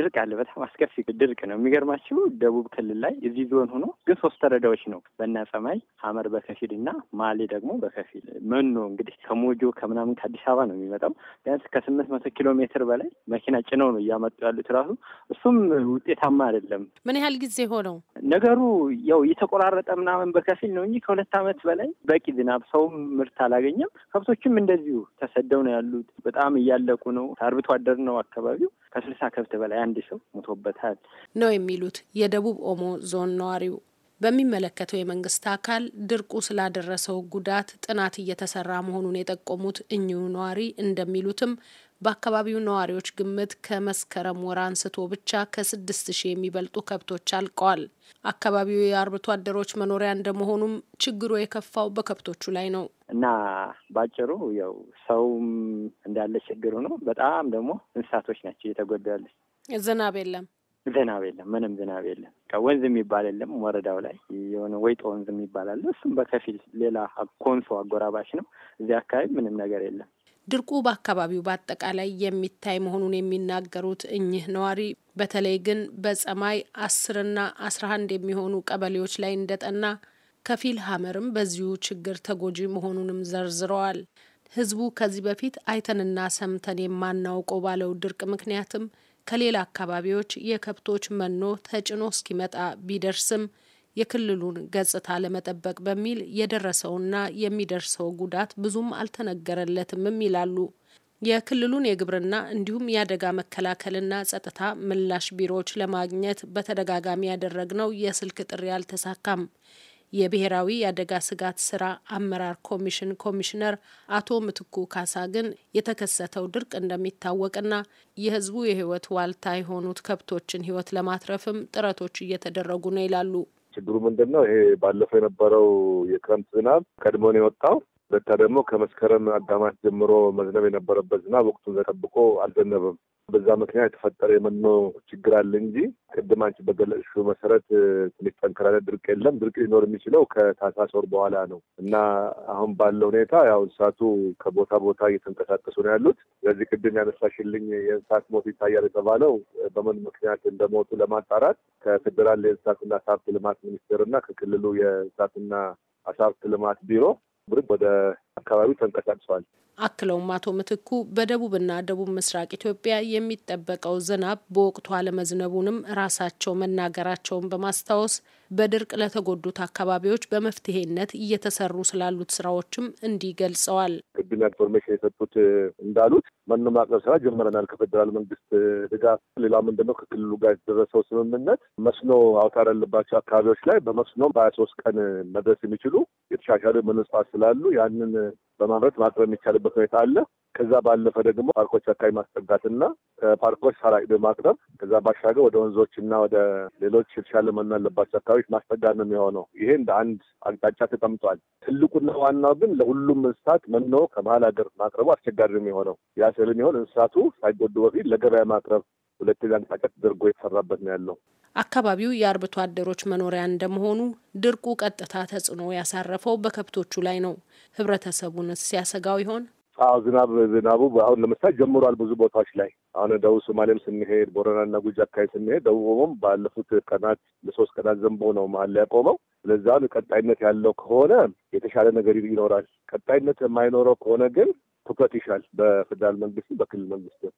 ድርቅ አለ። በጣም አስከፊ ድርቅ ነው። የሚገርማችሁ ደቡብ ክልል ላይ እዚህ ዞን ሆኖ ግን ሶስት ወረዳዎች ነው በና ጸማይ፣ ሀመር በከፊል እና ማሌ ደግሞ በከፊል መኖ እንግዲህ ከሞጆ ከምናምን ከአዲስ አበባ ነው የሚመጣው። ቢያንስ ከስምንት መቶ ኪሎ ሜትር በላይ መኪና ጭነው ነው እያመጡ ያሉት ራሱ እሱም ውጤታማ አይደለም። ምን ያህል ጊዜ ሆነው ነገሩ ያው የተቆራረጠ ምናምን በከፊል ነው እንጂ ከሁለት ዓመት በላይ በቂ ዝናብ ሰውም ምርት አላገኘም። ከብቶችም እንደዚሁ ተሰደው ነው ያሉት። በጣም እያለቁ ነው። አርብቶ አደር ነው አካባቢው ከስልሳ ከብት በላይ አንድ ሰው ሞቶበታል ነው የሚሉት የደቡብ ኦሞ ዞን ነዋሪው በሚመለከተው የመንግስት አካል ድርቁ ስላደረሰው ጉዳት ጥናት እየተሰራ መሆኑን የጠቆሙት እኚሁ ነዋሪ እንደሚሉትም በአካባቢው ነዋሪዎች ግምት ከመስከረም ወር አንስቶ ብቻ ከስድስት ሺህ የሚበልጡ ከብቶች አልቀዋል። አካባቢው የአርብቶ አደሮች መኖሪያ እንደመሆኑም ችግሩ የከፋው በከብቶቹ ላይ ነው እና ባጭሩ ያው ሰውም እንዳለ ችግሩ ነው። በጣም ደግሞ እንስሳቶች ናቸው እየተጎዱ ዝናብ የለም ዝናብ የለም፣ ምንም ዝናብ የለም። ወንዝ የሚባል የለም። ወረዳው ላይ የሆነ ወይጦ ወንዝ የሚባል አለ። እሱም በከፊል ሌላ ኮንሶ አጎራባሽ ነው። እዚህ አካባቢ ምንም ነገር የለም። ድርቁ በአካባቢው በአጠቃላይ የሚታይ መሆኑን የሚናገሩት እኚህ ነዋሪ በተለይ ግን በጸማይ አስርና አስራ አንድ የሚሆኑ ቀበሌዎች ላይ እንደጠና ከፊል ሀመርም በዚሁ ችግር ተጎጂ መሆኑንም ዘርዝረዋል። ህዝቡ ከዚህ በፊት አይተንና ሰምተን የማናውቀው ባለው ድርቅ ምክንያትም ከሌላ አካባቢዎች የከብቶች መኖ ተጭኖ እስኪመጣ ቢደርስም የክልሉን ገጽታ ለመጠበቅ በሚል የደረሰውና የሚደርሰው ጉዳት ብዙም አልተነገረለትም ይላሉ። የክልሉን የግብርና እንዲሁም የአደጋ መከላከልና ጸጥታ ምላሽ ቢሮዎች ለማግኘት በተደጋጋሚ ያደረግነው የስልክ ጥሪ አልተሳካም። የብሔራዊ የአደጋ ስጋት ስራ አመራር ኮሚሽን ኮሚሽነር አቶ ምትኩ ካሳ ግን የተከሰተው ድርቅ እንደሚታወቅና የህዝቡ የህይወት ዋልታ የሆኑት ከብቶችን ህይወት ለማትረፍም ጥረቶች እየተደረጉ ነው ይላሉ። ችግሩ ምንድን ነው? ይሄ ባለፈው የነበረው የክረምት ዝናብ ቀድሞን የወጣው በታ ደግሞ ከመስከረም አጋማሽ ጀምሮ መዝነብ የነበረበት ዝናብ ወቅቱን ተጠብቆ አልዘነበም። በዛ ምክንያት የተፈጠረ የመኖ ችግር አለ እንጂ ቅድም አንቺ በገለጽሽው መሰረት ትንሽ ጠንከር ያለ ድርቅ የለም። ድርቅ ሊኖር የሚችለው ከታህሳስ ወር በኋላ ነው እና አሁን ባለው ሁኔታ ያው እንስሳቱ ከቦታ ቦታ እየተንቀሳቀሱ ነው ያሉት። ስለዚህ ቅድም ያነሳሽልኝ የእንስሳት ሞት ይታያል የተባለው በምን ምክንያት እንደሞቱ ለማጣራት ከፌዴራል የእንስሳትና አሳ ሀብት ልማት ሚኒስቴር እና ከክልሉ የእንስሳትና አሳብት ልማት ቢሮ ወደ አካባቢው ተንቀሳቅሰዋል። አክለውም አቶ ምትኩ በደቡብና ደቡብ ምስራቅ ኢትዮጵያ የሚጠበቀው ዝናብ በወቅቱ አለመዝነቡንም ራሳቸው መናገራቸውን በማስታወስ በድርቅ ለተጎዱት አካባቢዎች በመፍትሄነት እየተሰሩ ስላሉት ስራዎችም እንዲህ ገልጸዋል። ቅድም ኢንፎርሜሽን የሰጡት እንዳሉት መኖ ማቅረብ ስራ ጀምረናል። ከፌዴራል መንግስት ድጋፍ፣ ሌላ ምንድነው ከክልሉ ጋር የተደረሰው ስምምነት መስኖ አውታር ያለባቸው አካባቢዎች ላይ በመስኖ በሀያ ሶስት ቀን መድረስ የሚችሉ የተሻሻለ መኖ ስላሉ ያንን በማምረት ማቅረብ የሚቻልበት ሁኔታ አለ። ከዛ ባለፈ ደግሞ ፓርኮች አካባቢ ማስጠጋትና ፓርኮች ሳራቂ ማቅረብ ከዛ ባሻገር ወደ ወንዞችና ወደ ሌሎች የተሻለ መኖ ያለባቸው አካባቢዎች ማስጠጋት ነው የሚሆነው። ይሄ እንደ አንድ አቅጣጫ ተቀምጧል። ትልቁና ዋናው ግን ለሁሉም እንስሳት መኖ ከመሀል ሀገር ማቅረቡ አስቸጋሪ ነው የሚሆነው። ያ ስለሚሆን እንስሳቱ ሳይጎዱ በፊት ለገበያ ማቅረብ ሁለተኛ አቅጣጫ ተደርጎ የተሰራበት ነው ያለው። አካባቢው የአርብቶ አደሮች መኖሪያ እንደመሆኑ ድርቁ ቀጥታ ተጽዕኖ ያሳረፈው በከብቶቹ ላይ ነው። ህብረተሰቡን ሲያሰጋው ይሆን? አዎ ዝናብ ዝናቡ አሁን ለምሳሌ ጀምሯል። ብዙ ቦታዎች ላይ አሁን ደቡብ ሶማሌም ስንሄድ ቦረናና ጉጂ አካባቢ ስንሄድ ደቡብ ኦሞም ባለፉት ቀናት ለሶስት ቀናት ዘንቦ ነው መሀል ላይ ያቆመው። ስለዚህ አሁን ቀጣይነት ያለው ከሆነ የተሻለ ነገር ይኖራል። ቀጣይነት የማይኖረው ከሆነ ግን ትኩረት ይሻል፣ በፌደራል መንግስት፣ በክልል መንግስት